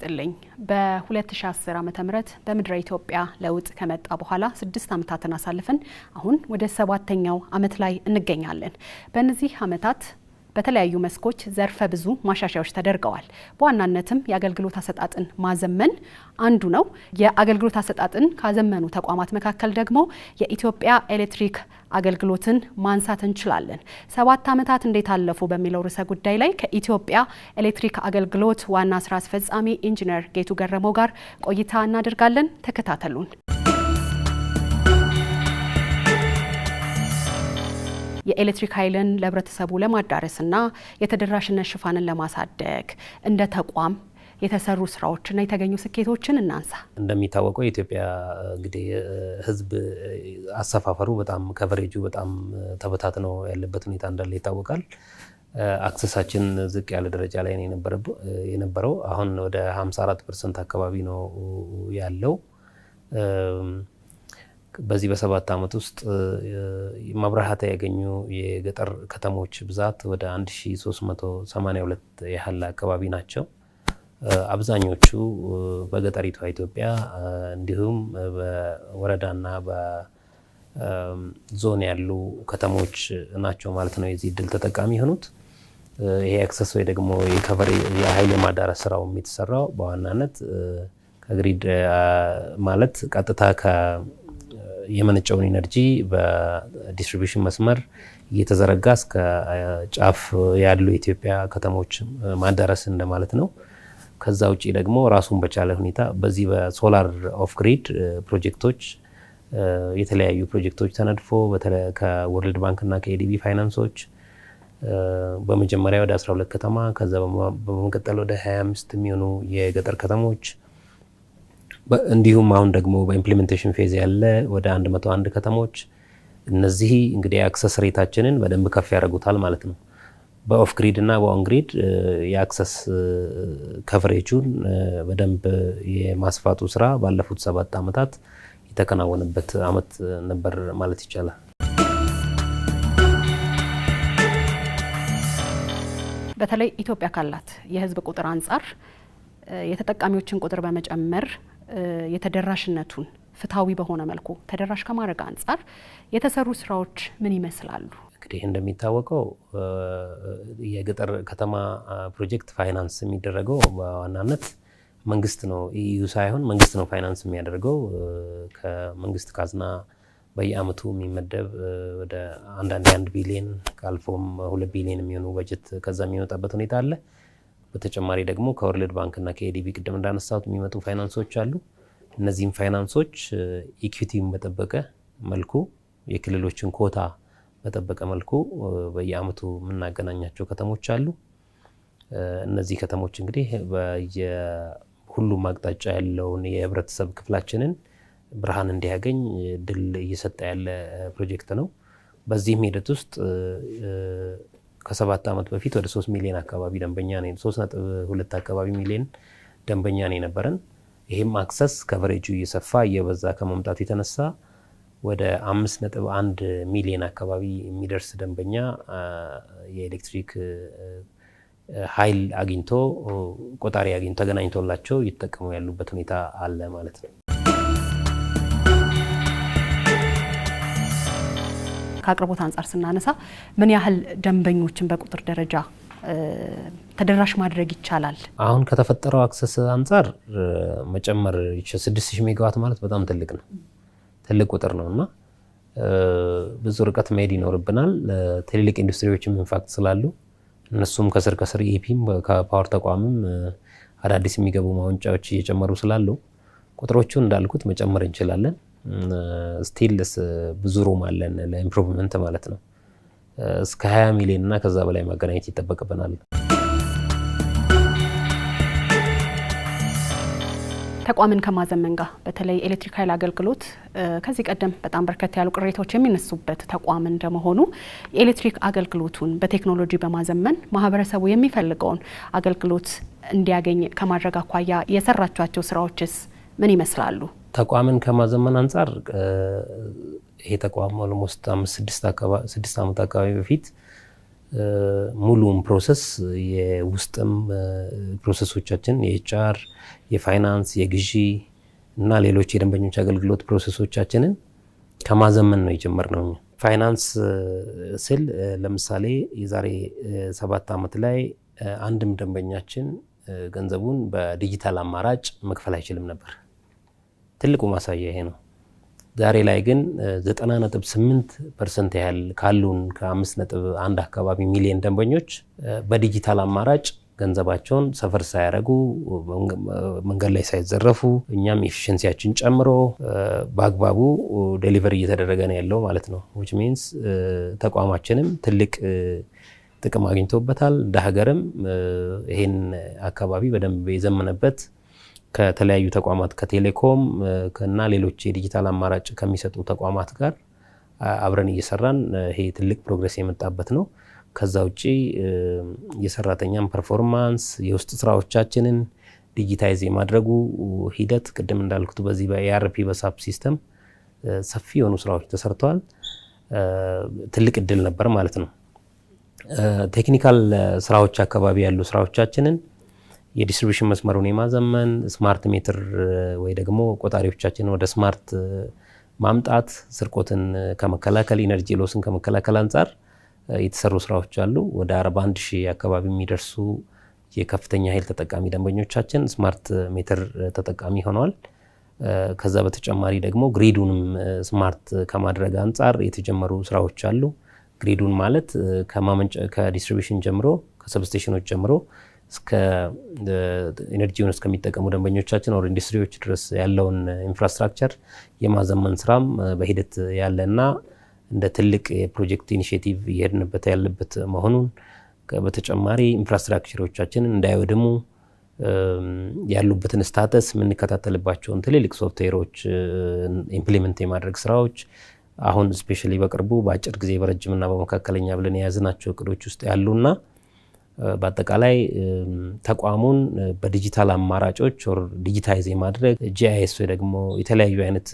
ይስጥልኝ። በ2010 ዓ ም በምድረ ኢትዮጵያ ለውጥ ከመጣ በኋላ ስድስት ዓመታትን አሳልፈን አሁን ወደ ሰባተኛው ዓመት ላይ እንገኛለን። በእነዚህ ዓመታት በተለያዩ መስኮች ዘርፈ ብዙ ማሻሻያዎች ተደርገዋል። በዋናነትም የአገልግሎት አሰጣጥን ማዘመን አንዱ ነው። የአገልግሎት አሰጣጥን ካዘመኑ ተቋማት መካከል ደግሞ የኢትዮጵያ ኤሌክትሪክ አገልግሎትን ማንሳት እንችላለን። ሰባት ዓመታት እንዴት አለፉ በሚለው ርዕሰ ጉዳይ ላይ ከኢትዮጵያ ኤሌክትሪክ አገልግሎት ዋና ስራ አስፈጻሚ ኢንጂነር ጌቱ ገረመው ጋር ቆይታ እናደርጋለን። ተከታተሉን። የኤሌክትሪክ ኃይልን ለህብረተሰቡ ለማዳረስና የተደራሽነት ሽፋንን ለማሳደግ እንደ ተቋም የተሰሩ ስራዎችና የተገኙ ስኬቶችን እናንሳ። እንደሚታወቀው የኢትዮጵያ እንግዲህ ህዝብ አሰፋፈሩ በጣም ከቨሬጁ በጣም ተበታትኖ ያለበት ሁኔታ እንዳለ ይታወቃል። አክሰሳችን ዝቅ ያለ ደረጃ ላይ ነው የነበረው። አሁን ወደ 54 ፐርሰንት አካባቢ ነው ያለው። በዚህ በሰባት ዓመት ውስጥ መብራሃት ያገኙ የገጠር ከተሞች ብዛት ወደ 1382 ያህል አካባቢ ናቸው። አብዛኞቹ በገጠሪቷ ኢትዮጵያ እንዲሁም በወረዳና በዞን ያሉ ከተሞች ናቸው ማለት ነው የዚህ እድል ተጠቃሚ የሆኑት። ይሄ አክሰስ ወይ ደግሞ የከቨር የኃይል የማዳረስ ስራው የተሰራው በዋናነት ከግሪድ ማለት ቀጥታ የመነጨውን ኢነርጂ በዲስትሪቢሽን መስመር እየተዘረጋ እስከ ጫፍ ያሉ የኢትዮጵያ ከተሞች ማዳረስ እንደማለት ነው። ከዛ ውጭ ደግሞ ራሱን በቻለ ሁኔታ በዚህ በሶላር ኦፍ ግሪድ ፕሮጀክቶች የተለያዩ ፕሮጀክቶች ተነድፎ ከወርልድ ባንክ እና ከኤዲቢ ፋይናንሶች በመጀመሪያ ወደ 12 ከተማ ከዛ በመቀጠል ወደ 25 የሚሆኑ የገጠር ከተሞች እንዲሁም አሁን ደግሞ በኢምፕሊሜንቴሽን ፌዝ ያለ ወደ 101 ከተሞች እነዚህ እንግዲህ አክሰስ ሬታችንን በደንብ ከፍ ያደርጉታል ማለት ነው። በኦፍ ግሪድ እና በኦን ግሪድ የአክሰስ ከቨሬጁን በደንብ የማስፋቱ ስራ ባለፉት ሰባት ዓመታት የተከናወነበት ዓመት ነበር ማለት ይቻላል። በተለይ ኢትዮጵያ ካላት የህዝብ ቁጥር አንጻር የተጠቃሚዎችን ቁጥር በመጨመር የተደራሽነቱን ፍትሐዊ በሆነ መልኩ ተደራሽ ከማድረግ አንጻር የተሰሩ ስራዎች ምን ይመስላሉ? እንግዲህ እንደሚታወቀው የገጠር ከተማ ፕሮጀክት ፋይናንስ የሚደረገው በዋናነት መንግስት ነው፣ ኢዩ ሳይሆን መንግስት ነው ፋይናንስ የሚያደርገው። ከመንግስት ካዝና በየአመቱ የሚመደብ ወደ አንዳንድ አንድ ቢሊየን ካልፎም ሁለት ቢሊየን የሚሆኑ በጀት ከዛ የሚመጣበት ሁኔታ አለ። በተጨማሪ ደግሞ ከወርልድ ባንክ እና ከኤዲቢ ቅድም እንዳነሳሁት የሚመጡ ፋይናንሶች አሉ። እነዚህም ፋይናንሶች ኢኩዊቲን በጠበቀ መልኩ የክልሎችን ኮታ በጠበቀ መልኩ በየአመቱ የምናገናኛቸው ከተሞች አሉ። እነዚህ ከተሞች እንግዲህ በየሁሉም አቅጣጫ ያለውን የህብረተሰብ ክፍላችንን ብርሃን እንዲያገኝ ድል እየሰጠ ያለ ፕሮጀክት ነው። በዚህም ሂደት ውስጥ ከሰባት ዓመት በፊት ወደ ሶስት ሚሊዮን አካባቢ ደንበኛ ሶስት ነጥብ ሁለት አካባቢ ሚሊዮን ደንበኛ ነው የነበረን። ይህም አክሰስ ከቨሬጁ እየሰፋ እየበዛ ከመምጣት የተነሳ ወደ 5.1 ሚሊዮን አካባቢ የሚደርስ ደንበኛ የኤሌክትሪክ ኃይል አግኝቶ ቆጣሪ አግኝቶ ተገናኝቶላቸው እየተጠቀሙ ያሉበት ሁኔታ አለ ማለት ነው። ከአቅርቦት አንጻር ስናነሳ ምን ያህል ደንበኞችን በቁጥር ደረጃ ተደራሽ ማድረግ ይቻላል? አሁን ከተፈጠረው አክሰስ አንጻር መጨመር ሺህ ሜጋዋት ማለት በጣም ትልቅ ነው። ትልቅ ቁጥር ነው እና ብዙ ርቀት መሄድ ይኖርብናል። ትልልቅ ኢንዱስትሪዎችም ኢንፋክት ስላሉ እነሱም ከስር ከስር ኢፒም ከፓወር ተቋምም አዳዲስ የሚገቡ ማውንጫዎች እየጨመሩ ስላሉ ቁጥሮቹ እንዳልኩት መጨመር እንችላለን። ስቲልስ ብዙ ሩም አለን ለኢምፕሩቭመንት ማለት ነው። እስከ 20 ሚሊዮን እና ከዛ በላይ ማገናኘት ይጠበቅብናል። ተቋምን ከማዘመን ጋር በተለይ ኤሌክትሪክ ኃይል አገልግሎት ከዚህ ቀደም በጣም በርከት ያሉ ቅሬታዎች የሚነሱበት ተቋም እንደመሆኑ የኤሌክትሪክ አገልግሎቱን በቴክኖሎጂ በማዘመን ማህበረሰቡ የሚፈልገውን አገልግሎት እንዲያገኝ ከማድረግ አኳያ የሰራችኋቸው ስራዎችስ ምን ይመስላሉ? ተቋምን ከማዘመን አንጻር ይሄ ተቋም ኦልሞስት ስድስት ዓመት አካባቢ በፊት ሙሉም ፕሮሰስ የውስጥም ፕሮሰሶቻችን የኤችአር፣ የፋይናንስ፣ የግዢ እና ሌሎች የደንበኞች አገልግሎት ፕሮሰሶቻችንን ከማዘመን ነው የጀመርነው። ፋይናንስ ስል ለምሳሌ የዛሬ ሰባት ዓመት ላይ አንድም ደንበኛችን ገንዘቡን በዲጂታል አማራጭ መክፈል አይችልም ነበር። ትልቁ ማሳያ ይሄ ነው። ዛሬ ላይ ግን 98 ፐርሰንት ያህል ካሉን ከ5.1 አካባቢ ሚሊዮን ደንበኞች በዲጂታል አማራጭ ገንዘባቸውን ሰፈር ሳያደረጉ መንገድ ላይ ሳይዘረፉ እኛም ኤፊሽንሲያችን ጨምሮ በአግባቡ ደሊቨሪ እየተደረገ ነው ያለው ማለት ነው። ዊች ሚንስ ተቋማችንም ትልቅ ጥቅም አግኝቶበታል። እንደ ሀገርም ይሄን አካባቢ በደንብ የዘመነበት ከተለያዩ ተቋማት ከቴሌኮም እና ሌሎች የዲጂታል አማራጭ ከሚሰጡ ተቋማት ጋር አብረን እየሰራን ይሄ ትልቅ ፕሮግረስ የመጣበት ነው። ከዛ ውጪ የሰራተኛን ፐርፎርማንስ የውስጥ ስራዎቻችንን ዲጂታይዝ የማድረጉ ሂደት ቅድም እንዳልኩት በዚህ በኤአርፒ በሳፕ ሲስተም ሰፊ የሆኑ ስራዎች ተሰርተዋል። ትልቅ እድል ነበር ማለት ነው። ቴክኒካል ስራዎች አካባቢ ያሉ ስራዎቻችንን የዲስትሪቢሽን መስመሩን የማዘመን ስማርት ሜትር ወይ ደግሞ ቆጣሪዎቻችን ወደ ስማርት ማምጣት ስርቆትን ከመከላከል ኢነርጂ ሎስን ከመከላከል አንጻር የተሰሩ ስራዎች አሉ። ወደ 41 ሺህ አካባቢ የሚደርሱ የከፍተኛ ኃይል ተጠቃሚ ደንበኞቻችን ስማርት ሜትር ተጠቃሚ ሆነዋል። ከዛ በተጨማሪ ደግሞ ግሪዱንም ስማርት ከማድረግ አንጻር የተጀመሩ ስራዎች አሉ። ግሪዱን ማለት ከዲስትሪቢሽን ጀምሮ ከሰብስቴሽኖች ጀምሮ እስከ ኤነርጂውን እስከሚጠቀሙ ደንበኞቻችን ወደ ኢንዱስትሪዎች ድረስ ያለውን ኢንፍራስትራክቸር የማዘመን ስራም በሂደት ያለና እንደ ትልቅ የፕሮጀክት ኢኒሽቲቭ እየሄድንበት ያለበት መሆኑን በተጨማሪ ኢንፍራስትራክቸሮቻችን እንዳይወድሙ ያሉበትን ስታተስ የምንከታተልባቸውን ትልልቅ ሶፍትዌሮች ኢምፕሊመንት የማድረግ ስራዎች አሁን ስፔሻሊ በቅርቡ በአጭር ጊዜ በረጅምና በመካከለኛ ብለን የያዝናቸው እቅዶች ውስጥ ያሉና በአጠቃላይ ተቋሙን በዲጂታል አማራጮች ር ዲጂታይዝ የማድረግ ጂአይኤስ ወይ ደግሞ የተለያዩ አይነት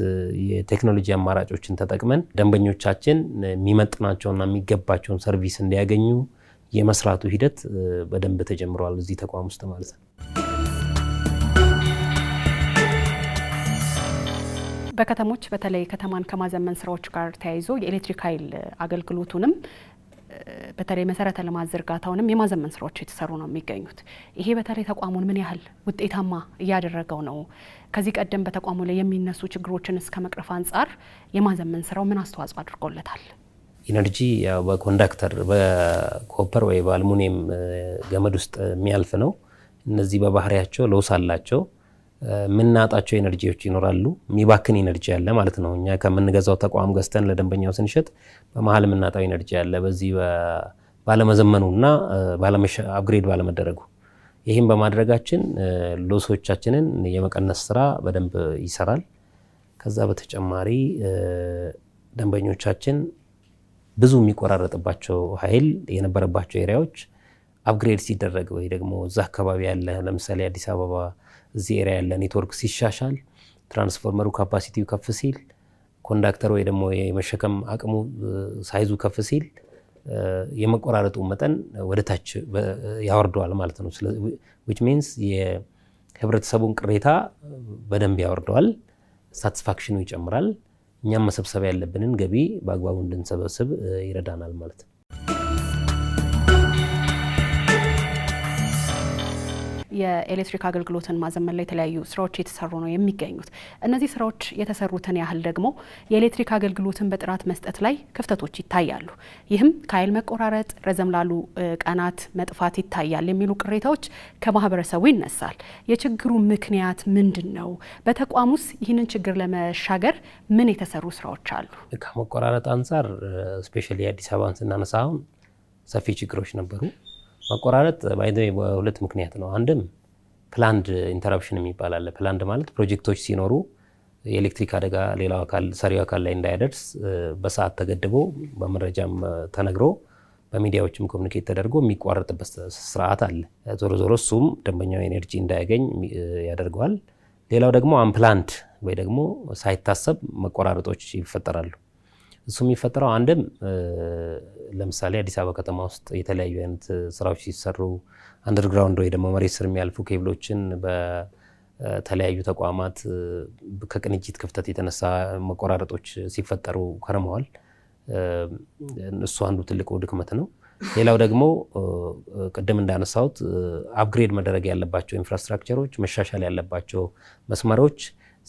የቴክኖሎጂ አማራጮችን ተጠቅመን ደንበኞቻችን የሚመጥናቸውና የሚገባቸውን ሰርቪስ እንዲያገኙ የመስራቱ ሂደት በደንብ ተጀምረዋል እዚህ ተቋም ውስጥ ማለት ነው። በከተሞች በተለይ ከተማን ከማዘመን ስራዎች ጋር ተያይዞ የኤሌክትሪክ ኃይል አገልግሎቱንም በተለይ መሰረተ ልማት ዝርጋታውንም የማዘመን ስራዎች የተሰሩ ነው የሚገኙት። ይሄ በተለይ ተቋሙን ምን ያህል ውጤታማ እያደረገው ነው? ከዚህ ቀደም በተቋሙ ላይ የሚነሱ ችግሮችን እስከ መቅረፍ አንጻር የማዘመን ስራው ምን አስተዋጽኦ አድርጎለታል? ኢነርጂ በኮንዳክተር በኮፐር ወይ በአልሙኒየም ገመድ ውስጥ የሚያልፍ ነው። እነዚህ በባህሪያቸው ለውስ አላቸው። የምናጣቸው ኤነርጂዎች ይኖራሉ። የሚባክን ኤነርጂ አለ ማለት ነው። እኛ ከምንገዛው ተቋም ገዝተን ለደንበኛው ስንሸጥ በመሀል የምናጣው ኤነርጂ አለ በዚህ ባለመዘመኑ እና አፕግሬድ ባለመደረጉ። ይህም በማድረጋችን ሎሶቻችንን የመቀነስ ስራ በደንብ ይሰራል። ከዛ በተጨማሪ ደንበኞቻችን ብዙ የሚቆራረጥባቸው ኃይል የነበረባቸው ኤሪያዎች አፕግሬድ ሲደረግ ወይ ደግሞ እዛ አካባቢ ያለ ለምሳሌ አዲስ አበባ እዚህ ኤሪያ ያለ ኔትወርክ ሲሻሻል ትራንስፎርመሩ ካፓሲቲው ከፍ ሲል ኮንዳክተር ወይ ደግሞ የመሸከም አቅሙ ሳይዙ ከፍ ሲል የመቆራረጡ መጠን ወደታች ያወርደዋል ማለት ነው። ዊች ሚንስ የህብረተሰቡን ቅሬታ በደንብ ያወርደዋል፣ ሳቲስፋክሽኑ ይጨምራል። እኛም መሰብሰብ ያለብንን ገቢ በአግባቡ እንድንሰበስብ ይረዳናል ማለት ነው። የኤሌክትሪክ አገልግሎትን ማዘመን ላይ የተለያዩ ስራዎች እየተሰሩ ነው የሚገኙት። እነዚህ ስራዎች የተሰሩትን ያህል ደግሞ የኤሌክትሪክ አገልግሎትን በጥራት መስጠት ላይ ክፍተቶች ይታያሉ። ይህም ከኃይል መቆራረጥ፣ ረዘም ላሉ ቀናት መጥፋት ይታያል የሚሉ ቅሬታዎች ከማህበረሰቡ ይነሳል። የችግሩ ምክንያት ምንድን ነው? በተቋም ውስጥ ይህንን ችግር ለመሻገር ምን የተሰሩ ስራዎች አሉ? ከመቆራረጥ አንጻር ስፔሻሊ አዲስ አበባን ስናነሳ አሁን ሰፊ ችግሮች ነበሩ። መቆራረጥ ባይዘ በሁለት ምክንያት ነው። አንድም ፕላንድ ኢንተራፕሽን የሚባል አለ። ፕላንድ ማለት ፕሮጀክቶች ሲኖሩ የኤሌክትሪክ አደጋ ሌላው አካል ሰሪው አካል ላይ እንዳይደርስ በሰዓት ተገድቦ በመረጃም ተነግሮ በሚዲያዎችም ኮሚኒኬት ተደርጎ የሚቋረጥበት ስርዓት አለ። ዞሮ ዞሮ እሱም ደንበኛው ኤነርጂ እንዳያገኝ ያደርገዋል። ሌላው ደግሞ አምፕላንድ ወይ ደግሞ ሳይታሰብ መቆራረጦች ይፈጠራሉ። እሱ የሚፈጠረው አንድም ለምሳሌ አዲስ አበባ ከተማ ውስጥ የተለያዩ አይነት ስራዎች ሲሰሩ አንደርግራውንድ ወይ ደግሞ መሬት ስር የሚያልፉ ኬብሎችን በተለያዩ ተቋማት ከቅንጅት ክፍተት የተነሳ መቆራረጦች ሲፈጠሩ ከርመዋል። እሱ አንዱ ትልቁ ድክመት ነው። ሌላው ደግሞ ቅድም እንዳነሳሁት አፕግሬድ መደረግ ያለባቸው ኢንፍራስትራክቸሮች፣ መሻሻል ያለባቸው መስመሮች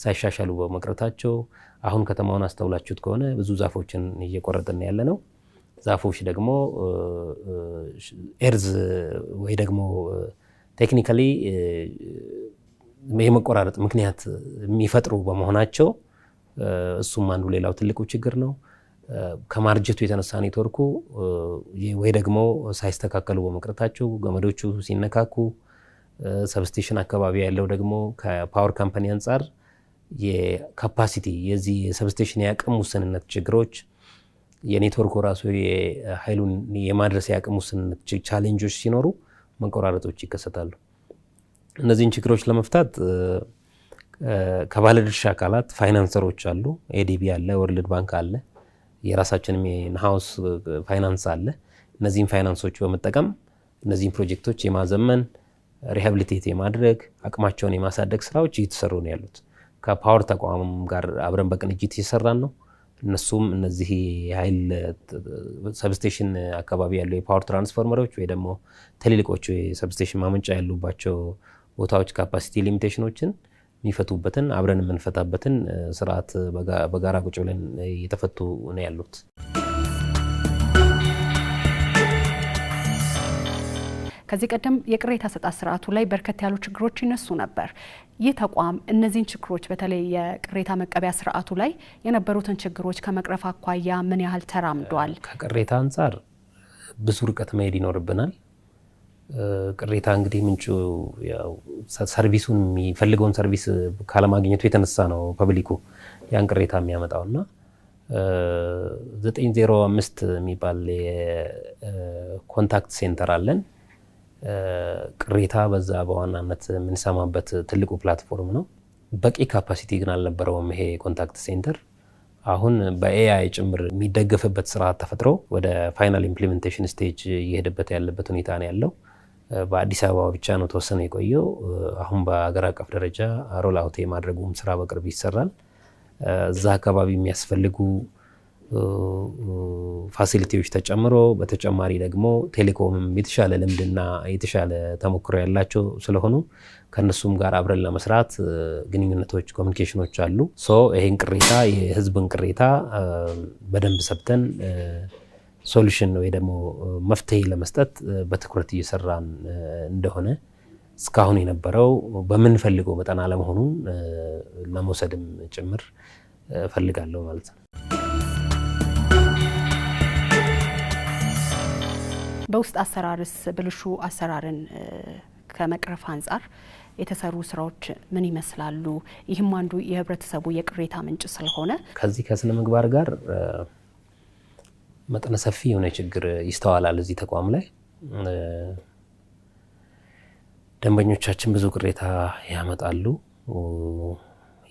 ሳይሻሻሉ በመቅረታቸው አሁን ከተማውን አስተውላችሁት ከሆነ ብዙ ዛፎችን እየቆረጥን ያለ ነው። ዛፎች ደግሞ ኤርዝ ወይ ደግሞ ቴክኒካሊ የመቆራረጥ ምክንያት የሚፈጥሩ በመሆናቸው እሱም አንዱ ሌላው ትልቁ ችግር ነው። ከማርጀቱ የተነሳ ኔትወርኩ ወይ ደግሞ ሳይስተካከሉ በመቅረታቸው ገመዶቹ ሲነካኩ፣ ሰብስቴሽን አካባቢ ያለው ደግሞ ከፓወር ካምፓኒ አንጻር የካፓሲቲ የዚህ የሰብስቴሽን የአቅም ውስንነት ችግሮች፣ የኔትወርኩ ራሱ የኃይሉን የማድረስ የአቅም ውስንነት ቻሌንጆች ሲኖሩ መቆራረጦች ይከሰታሉ። እነዚህን ችግሮች ለመፍታት ከባለድርሻ አካላት ፋይናንሰሮች አሉ። ኤዲቢ አለ፣ ወርልድ ባንክ አለ፣ የራሳችንም የኢንሃውስ ፋይናንስ አለ። እነዚህን ፋይናንሶች በመጠቀም እነዚህን ፕሮጀክቶች የማዘመን ሪሃብሊቴት የማድረግ አቅማቸውን የማሳደግ ስራዎች እየተሰሩ ነው ያሉት። ከፓወር ተቋም ጋር አብረን በቅንጅት እየሰራን ነው። እነሱም እነዚህ የኃይል ሰብስቴሽን አካባቢ ያሉ የፓወር ትራንስፎርመሮች ወይ ደግሞ ትልልቆቹ የሰብስቴሽን ማመንጫ ያሉባቸው ቦታዎች ካፓሲቲ ሊሚቴሽኖችን የሚፈቱበትን አብረን የምንፈታበትን ስርዓት በጋራ ቁጭ ብለን እየተፈቱ ነው ያሉት። ከዚህ ቀደም የቅሬታ አሰጣጥ ስርዓቱ ላይ በርከት ያሉ ችግሮች ይነሱ ነበር። ይህ ተቋም እነዚህን ችግሮች በተለይ የቅሬታ መቀበያ ስርዓቱ ላይ የነበሩትን ችግሮች ከመቅረፍ አኳያ ምን ያህል ተራምዷል? ከቅሬታ አንጻር ብዙ ርቀት መሄድ ይኖርብናል። ቅሬታ እንግዲህ ምንጩ ሰርቪሱን የሚፈልገውን ሰርቪስ ካለማግኘቱ የተነሳ ነው ፐብሊኩ ያን ቅሬታ የሚያመጣው እና 905 የሚባል የኮንታክት ሴንተር አለን። ቅሬታ በዛ በዋናነት የምንሰማበት ትልቁ ፕላትፎርም ነው። በቂ ካፓሲቲ ግን አልነበረውም ይሄ ኮንታክት ሴንተር። አሁን በኤአይ ጭምር የሚደገፍበት ስርዓት ተፈጥሮ ወደ ፋይናል ኢምፕሊሜንቴሽን ስቴጅ እየሄደበት ያለበት ሁኔታ ነው ያለው። በአዲስ አበባ ብቻ ነው ተወሰነ የቆየው። አሁን በሀገር አቀፍ ደረጃ ሮል አውት የማድረጉም ስራ በቅርብ ይሰራል። እዛ አካባቢ የሚያስፈልጉ ፋሲሊቲዎች ተጨምሮ በተጨማሪ ደግሞ ቴሌኮምም የተሻለ ልምድና የተሻለ ተሞክሮ ያላቸው ስለሆኑ ከእነሱም ጋር አብረን ለመስራት ግንኙነቶች፣ ኮሚኒኬሽኖች አሉ። ሶ ይህን ቅሬታ የህዝብን ቅሬታ በደንብ ሰብተን ሶሉሽን ወይ ደግሞ መፍትሄ ለመስጠት በትኩረት እየሰራን እንደሆነ እስካሁን የነበረው በምንፈልገው መጠን አለመሆኑን ለመውሰድም ጭምር እፈልጋለሁ ማለት ነው። በውስጥ አሰራርስ ብልሹ አሰራርን ከመቅረፍ አንጻር የተሰሩ ስራዎች ምን ይመስላሉ? ይህም አንዱ የህብረተሰቡ የቅሬታ ምንጭ ስለሆነ ከዚህ ከስነ ምግባር ጋር መጠነ ሰፊ የሆነ ችግር ይስተዋላል እዚህ ተቋም ላይ። ደንበኞቻችን ብዙ ቅሬታ ያመጣሉ።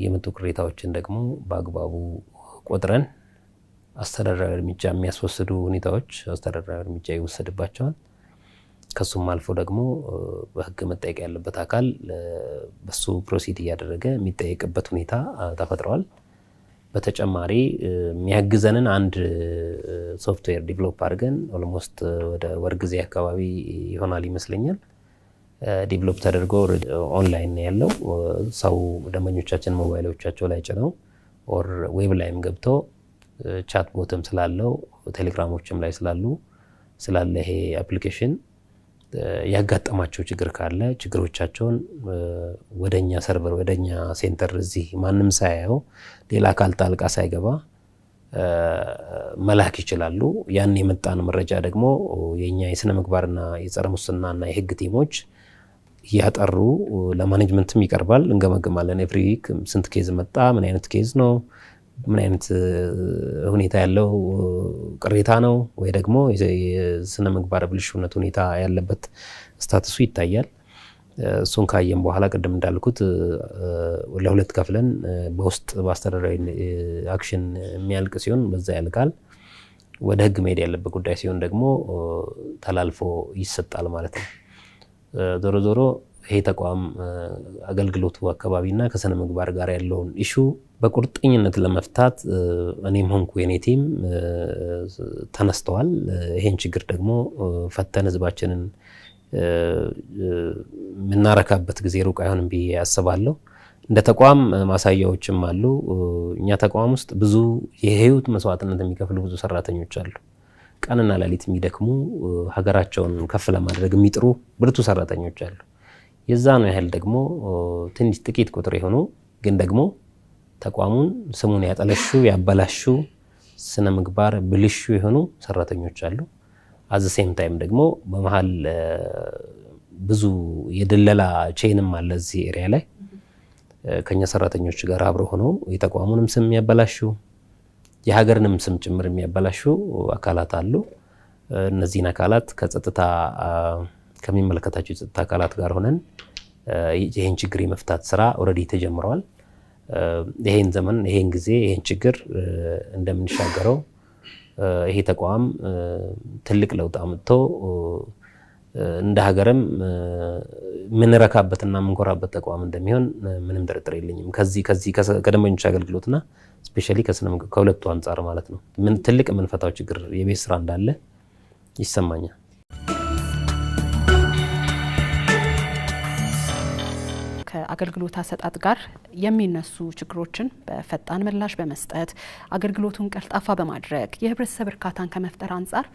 የመጡ ቅሬታዎችን ደግሞ በአግባቡ ቆጥረን አስተዳደራዊ እርምጃ የሚያስወስዱ ሁኔታዎች አስተዳደራዊ እርምጃ ይወሰድባቸዋል። ከሱም አልፎ ደግሞ በህግ መጠየቅ ያለበት አካል በሱ ፕሮሲድ እያደረገ የሚጠየቅበት ሁኔታ ተፈጥረዋል። በተጨማሪ የሚያግዘንን አንድ ሶፍትዌር ዲቨሎፕ አድርገን ኦልሞስት ወደ ወር ጊዜ አካባቢ ይሆናል ይመስለኛል ዲቨሎፕ ተደርጎ ኦንላይን ያለው ሰው ደንበኞቻችን ሞባይሎቻቸው ላይ ጭነው ኦር ዌብ ላይም ገብተው ቻት ቦትም ስላለው ቴሌግራሞችም ላይ ስላሉ ስላለ ይሄ አፕሊኬሽን ያጋጠማቸው ችግር ካለ ችግሮቻቸውን ወደኛ ሰርቨር ወደኛ ሴንተር እዚህ ማንም ሳያየው ሌላ አካል ጣልቃ ሳይገባ መላክ ይችላሉ። ያን የመጣን መረጃ ደግሞ የኛ የስነ ምግባርና የጸረ ሙስናና የህግ ቲሞች እያጠሩ ለማኔጅመንትም ይቀርባል። እንገመግማለን። ኤቭሪ ዊክ ስንት ኬዝ መጣ፣ ምን አይነት ኬዝ ነው ምን አይነት ሁኔታ ያለው ቅሬታ ነው ወይ ደግሞ የስነ ምግባር ብልሽነት ሁኔታ ያለበት ስታትሱ ይታያል። እሱን ካየም በኋላ ቅድም እንዳልኩት ለሁለት ከፍለን በውስጥ በአስተዳደራዊ አክሽን የሚያልቅ ሲሆን በዛ ያልቃል። ወደ ህግ መሄድ ያለበት ጉዳይ ሲሆን ደግሞ ተላልፎ ይሰጣል ማለት ነው። ዞሮ ዞሮ ይሄ ተቋም አገልግሎቱ አካባቢና ከስነ ምግባር ጋር ያለውን ኢሹ በቁርጠኝነት ለመፍታት እኔም ሆንኩ የኔ ቲም ተነስተዋል። ይሄን ችግር ደግሞ ፈተን ህዝባችንን የምናረካበት ጊዜ ሩቅ አይሆንም ብዬ አስባለሁ። እንደ ተቋም ማሳያዎችም አሉ። እኛ ተቋም ውስጥ ብዙ የህይወት መስዋዕትነት የሚከፍሉ ብዙ ሰራተኞች አሉ። ቀንና ሌሊት የሚደክሙ ሀገራቸውን ከፍ ለማድረግ የሚጥሩ ብርቱ ሰራተኞች አሉ። የዛ ነው ያህል ደግሞ ትንሽ ጥቂት ቁጥር የሆኑ ግን ደግሞ ተቋሙን ስሙን ያጠለሹ ያበላሹ ስነ ምግባር ብልሹ የሆኑ ሰራተኞች አሉ። አዘ ሴም ታይም ደግሞ በመሀል ብዙ የደለላ ቼንም አለ እዚህ ኤሪያ ላይ ከኛ ሰራተኞች ጋር አብረው ሆነው የተቋሙንም ስም የሚያበላሹ የሀገርንም ስም ጭምር የሚያበላሹ አካላት አሉ። እነዚህን አካላት ከጸጥታ ከሚመለከታቸው የጸጥታ አካላት ጋር ሆነን ይህን ችግር የመፍታት ስራ ኦልሬዲ ተጀምረዋል። ይሄን ዘመን ይሄን ጊዜ ይሄን ችግር እንደምንሻገረው ይሄ ተቋም ትልቅ ለውጥ አምጥቶ እንደ ሀገርም የምንረካበትና የምንኮራበት ተቋም እንደሚሆን ምንም ጥርጥር የለኝም። ከዚህ ከዚህ ከደንበኞች አገልግሎትና ስፔሻሊ ከስነ ከሁለቱ አንጻር ማለት ነው። ትልቅ የምንፈታው ችግር የቤት ስራ እንዳለ ይሰማኛል። አገልግሎት አሰጣጥ ጋር የሚነሱ ችግሮችን በፈጣን ምላሽ በመስጠት አገልግሎቱን ቀልጣፋ በማድረግ የህብረተሰብ እርካታን ከመፍጠር አንጻር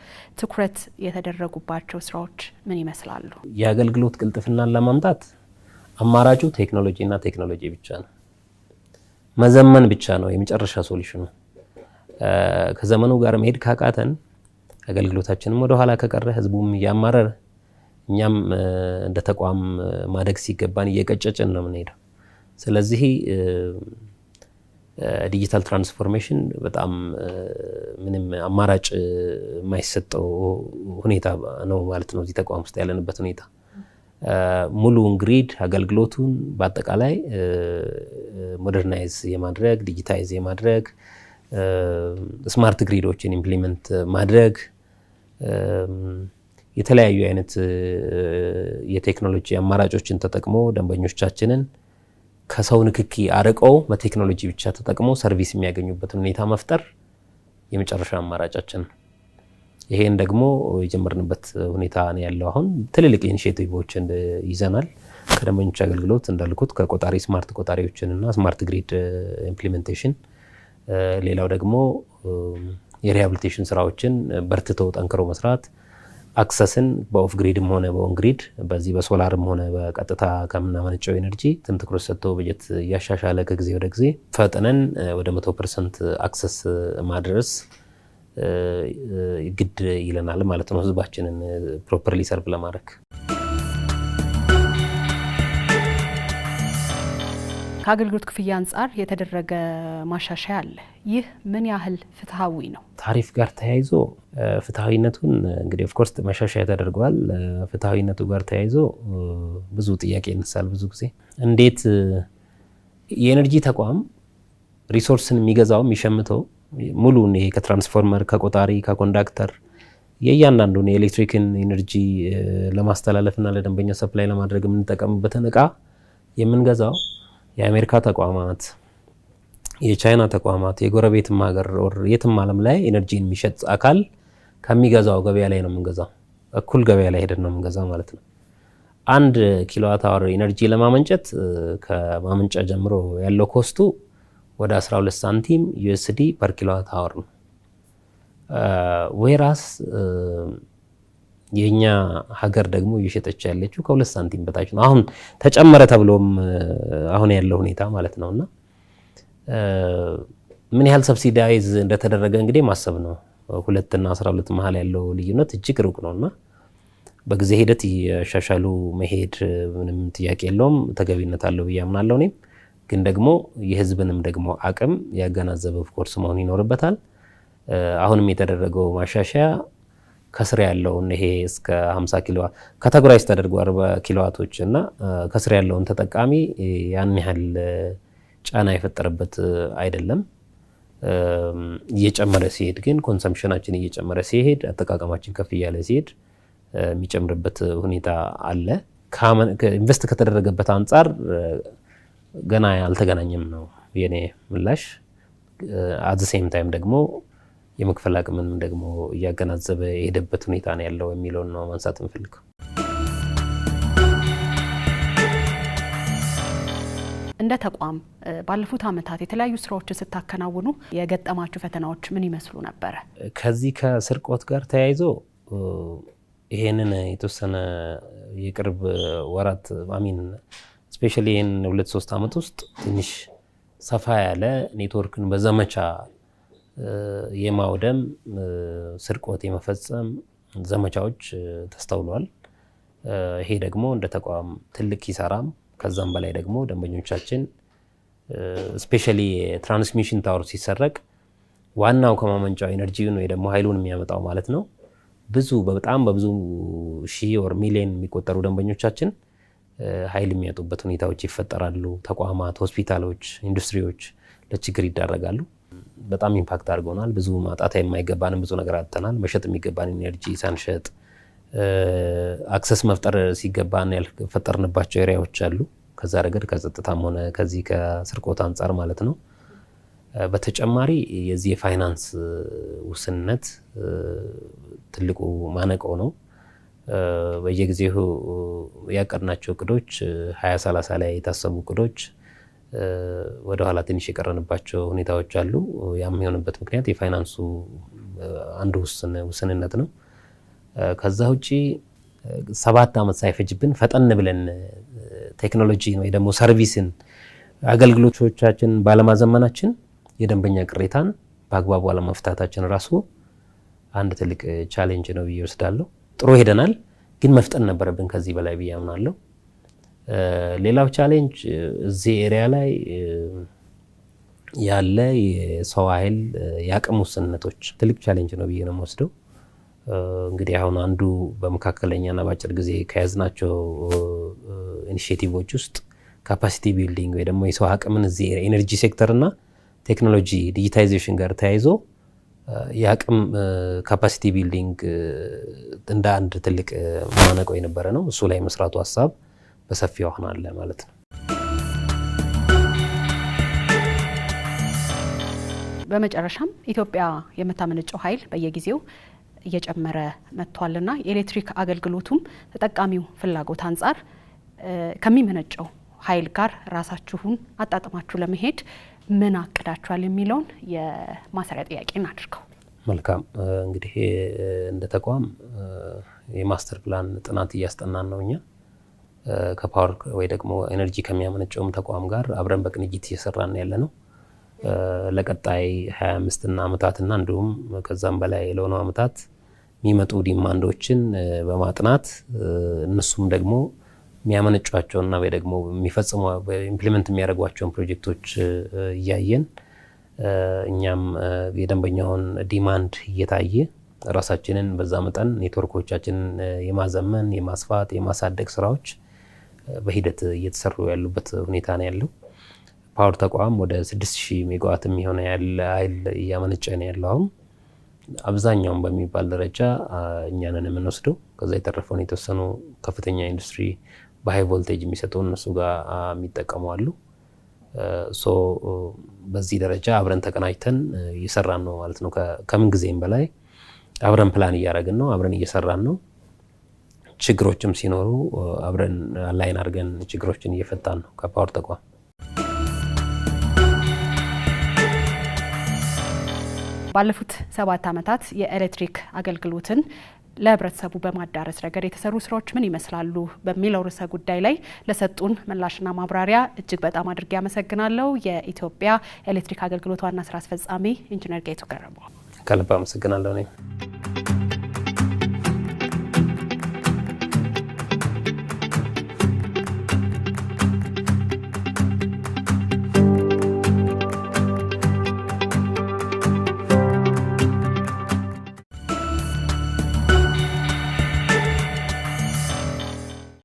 ትኩረት የተደረጉባቸው ስራዎች ምን ይመስላሉ? የአገልግሎት ቅልጥፍናን ለማምጣት አማራጩ ቴክኖሎጂና ቴክኖሎጂ ብቻ ነው። መዘመን ብቻ ነው የመጨረሻ ሶሉሽኑ። ከዘመኑ ጋር መሄድ ካቃተን አገልግሎታችንም ወደኋላ ከቀረ ህዝቡም እያማረር እኛም እንደ ተቋም ማደግ ሲገባን እየቀጨጭን ነው የምንሄደው። ስለዚህ ዲጂታል ትራንስፎርሜሽን በጣም ምንም አማራጭ የማይሰጠው ሁኔታ ነው ማለት ነው። እዚህ ተቋም ውስጥ ያለንበት ሁኔታ ሙሉውን ግሪድ አገልግሎቱን በአጠቃላይ ሞደርናይዝ የማድረግ ዲጂታይዝ የማድረግ ስማርት ግሪዶችን ኢምፕሊመንት ማድረግ የተለያዩ አይነት የቴክኖሎጂ አማራጮችን ተጠቅሞ ደንበኞቻችንን ከሰው ንክኪ አርቀው በቴክኖሎጂ ብቻ ተጠቅሞ ሰርቪስ የሚያገኙበትን ሁኔታ መፍጠር የመጨረሻ አማራጫችን ነው። ይሄን ደግሞ የጀመርንበት ሁኔታ ነው ያለው። አሁን ትልልቅ ኢኒሽቲቮችን ይዘናል። ከደንበኞች አገልግሎት እንዳልኩት ከቆጣሪ ስማርት ቆጣሪዎችን እና ስማርት ግሪድ ኢምፕሊሜንቴሽን፣ ሌላው ደግሞ የሪሃብሊቴሽን ስራዎችን በርትተው ጠንክሮ መስራት አክሰስን በኦፍ ግሪድም ሆነ በኦን ግሪድ በዚህ በሶላርም ሆነ በቀጥታ ከምናመነጨው ኤነርጂ ትን ትኩረት ሰጥቶ በጀት እያሻሻለ ከጊዜ ወደ ጊዜ ፈጥነን ወደ መቶ ፐርሰንት አክሰስ ማድረስ ግድ ይለናል ማለት ነው ህዝባችንን ፕሮፐርሊ ሰርቭ ለማድረግ ከአገልግሎት ክፍያ አንጻር የተደረገ ማሻሻያ አለ። ይህ ምን ያህል ፍትሐዊ ነው? ታሪፍ ጋር ተያይዞ ፍትሐዊነቱን እንግዲህ ኦፍኮርስ መሻሻያ ተደርገዋል። ፍትሐዊነቱ ጋር ተያይዞ ብዙ ጥያቄ ይነሳል። ብዙ ጊዜ እንዴት የኤነርጂ ተቋም ሪሶርስን የሚገዛው የሚሸምተው ሙሉን ይሄ ከትራንስፎርመር ከቆጣሪ ከኮንዳክተር የእያንዳንዱን የኤሌክትሪክን ኤነርጂ ለማስተላለፍና ለደንበኛ ሰፕላይ ለማድረግ የምንጠቀምበትን እቃ የምንገዛው የአሜሪካ ተቋማት፣ የቻይና ተቋማት፣ የጎረቤትም ሀገር የትም ዓለም ላይ ኤነርጂ የሚሸጥ አካል ከሚገዛው ገበያ ላይ ነው የምንገዛው። እኩል ገበያ ላይ ሄደን ነው የምንገዛው ማለት ነው። አንድ ኪሎዋት አወር ኤነርጂ ለማመንጨት ከማመንጫ ጀምሮ ያለው ኮስቱ ወደ 12 ሳንቲም ዩኤስዲ ፐር ኪሎዋት አወር ነው። ዌራስ የእኛ ሀገር ደግሞ እየሸጠች ያለችው ከሁለት ሳንቲም በታች ነው። አሁን ተጨመረ ተብሎም አሁን ያለው ሁኔታ ማለት ነው እና ምን ያህል ሰብሲዳይዝ እንደተደረገ እንግዲህ ማሰብ ነው። ሁለትና አስራ ሁለት መሀል ያለው ልዩነት እጅግ ሩቅ ነው እና በጊዜ ሂደት እያሻሻሉ መሄድ ምንም ጥያቄ የለውም፣ ተገቢነት አለው ብዬ አምናለሁ። እኔም ግን ደግሞ የህዝብንም ደግሞ አቅም ያገናዘበ ኦፍኮርስ መሆን ይኖርበታል። አሁንም የተደረገው ማሻሻያ ከስር ያለውን ይሄ እስከ 50 ኪሎ ካታጎራይዝ ተደርጎ 40 ኪሎዋቶች እና ከስር ያለውን ተጠቃሚ ያን ያህል ጫና የፈጠረበት አይደለም። እየጨመረ ሲሄድ ግን ኮንሰምፕሽናችን እየጨመረ ሲሄድ አጠቃቀማችን ከፍ እያለ ሲሄድ የሚጨምርበት ሁኔታ አለ። ኢንቨስት ከተደረገበት አንጻር ገና አልተገናኘም ነው የኔ ምላሽ። አት ሴም ታይም ደግሞ የመክፈል አቅምንም ደግሞ እያገናዘበ የሄደበት ሁኔታ ነው ያለው የሚለውን ነው ማንሳት እንፈልገው። እንደ ተቋም ባለፉት ዓመታት የተለያዩ ስራዎችን ስታከናውኑ የገጠማችሁ ፈተናዎች ምን ይመስሉ ነበረ? ከዚህ ከስርቆት ጋር ተያይዞ ይሄንን የተወሰነ የቅርብ ወራት አሚን ስፔሻሊ ይህን ሁለት ሶስት ዓመት ውስጥ ትንሽ ሰፋ ያለ ኔትወርክን በዘመቻ የማውደም ስርቆት የመፈጸም ዘመቻዎች ተስተውሏል። ይሄ ደግሞ እንደ ተቋም ትልቅ ኪሳራም ከዛም በላይ ደግሞ ደንበኞቻችን ስፔሻሊ የትራንስሚሽን ታወር ሲሰረቅ ዋናው ከማመንጫው ኤነርጂውን ወይ ደግሞ ኃይሉን የሚያመጣው ማለት ነው ብዙ በጣም በብዙ ሺህ ወር ሚሊዮን የሚቆጠሩ ደንበኞቻችን ኃይል የሚያጡበት ሁኔታዎች ይፈጠራሉ። ተቋማት፣ ሆስፒታሎች፣ ኢንዱስትሪዎች ለችግር ይዳረጋሉ። በጣም ኢምፓክት አድርገውናል። ብዙ ማጣት የማይገባንም ብዙ ነገር አጥተናል። መሸጥ የሚገባን ኢነርጂ ሳንሸጥ አክሰስ መፍጠር ሲገባን ያልፈጠርንባቸው ኤሪያዎች አሉ። ከዛ ረገድ ከጸጥታም ሆነ ከዚህ ከስርቆት አንጻር ማለት ነው። በተጨማሪ የዚህ የፋይናንስ ውስንነት ትልቁ ማነቆ ነው። በየጊዜው ያቀድናቸው እቅዶች ሀያ ሰላሳ ላይ የታሰቡ እቅዶች ወደኋላ ትንሽ የቀረንባቸው ሁኔታዎች አሉ። ያም የሆነበት ምክንያት የፋይናንሱ አንዱ ውስንነት ነው። ከዛ ውጭ ሰባት ዓመት ሳይፈጅብን ፈጠን ብለን ቴክኖሎጂ ወይ ደግሞ ሰርቪስን አገልግሎቶቻችን ባለማዘመናችን የደንበኛ ቅሬታን በአግባቡ አለመፍታታችን ራሱ አንድ ትልቅ ቻሌንጅ ነው ብዬ ወስዳለሁ። ጥሩ ሄደናል፣ ግን መፍጠን ነበረብን ከዚህ በላይ ብዬ አምናለሁ። ሌላው ቻሌንጅ እዚህ ኤሪያ ላይ ያለ የሰው ኃይል የአቅም ውስንነቶች ትልቅ ቻሌንጅ ነው ብዬ ነው የምወስደው። እንግዲህ አሁን አንዱ በመካከለኛና በአጭር ጊዜ ከያዝናቸው ኢኒሽቲቮች ውስጥ ካፓሲቲ ቢልዲንግ ወይ ደግሞ የሰው አቅምን እዚህ ኤነርጂ ሴክተርና ቴክኖሎጂ ዲጂታይዜሽን ጋር ተያይዞ የአቅም ካፓሲቲ ቢልዲንግ እንደ አንድ ትልቅ ማነቆ የነበረ ነው። እሱ ላይ መስራቱ ሀሳብ በሰፊ አሁን አለ ማለት ነው። በመጨረሻም ኢትዮጵያ የምታመነጨው ኃይል በየጊዜው እየጨመረ መጥቷልና የኤሌክትሪክ አገልግሎቱም ተጠቃሚው ፍላጎት አንጻር ከሚመነጨው ኃይል ጋር ራሳችሁን አጣጥማችሁ ለመሄድ ምን አቅዳችኋል የሚለውን የማሰሪያ ጥያቄን አድርገው። መልካም እንግዲህ እንደ ተቋም የማስተር ፕላን ጥናት እያስጠናን ነው እኛ ከፓወር ወይ ደግሞ ኤነርጂ ከሚያመነጨውም ተቋም ጋር አብረን በቅንጅት እየሰራን ያለ ነው። ለቀጣይ 25ና ዓመታትና እንዲሁም ከዛም በላይ ለሆነ ዓመታት የሚመጡ ዲማንዶችን በማጥናት እነሱም ደግሞ የሚያመነጯቸውና ወይ ደግሞ የሚፈጽሙ ኢምፕሊመንት የሚያደርጓቸውን ፕሮጀክቶች እያየን እኛም የደንበኛውን ዲማንድ እየታየ ራሳችንን በዛ መጠን ኔትወርኮቻችንን የማዘመን የማስፋት የማሳደግ ስራዎች በሂደት እየተሰሩ ያሉበት ሁኔታ ነው ያለው። ፓወር ተቋም ወደ 6000 ሜጋዋት የሚሆነ ያለ ኃይል እያመነጨ ነው ያለው። አሁን አብዛኛውን በሚባል ደረጃ እኛንን የምንወስደው። ከዛ የተረፈውን የተወሰኑ ከፍተኛ ኢንዱስትሪ በሀይ ቮልቴጅ የሚሰጠው እነሱ ጋር የሚጠቀሙ አሉ። ሶ በዚህ ደረጃ አብረን ተቀናጅተን እየሰራን ነው ማለት ነው። ከምን ጊዜም በላይ አብረን ፕላን እያደረግን ነው፣ አብረን እየሰራን ነው። ችግሮችም ሲኖሩ አብረን አላይን አድርገን ችግሮችን እየፈታን ነው ከፓወር ተቋም። ባለፉት ሰባት ዓመታት የኤሌክትሪክ አገልግሎትን ለህብረተሰቡ በማዳረስ ረገድ የተሰሩ ስራዎች ምን ይመስላሉ በሚለው ርዕሰ ጉዳይ ላይ ለሰጡን ምላሽና ማብራሪያ እጅግ በጣም አድርጌ አመሰግናለሁ። የኢትዮጵያ ኤሌክትሪክ አገልግሎት ዋና ስራ አስፈጻሚ ኢንጂነር ጌቱ ገረመው ከልብ አመሰግናለሁ።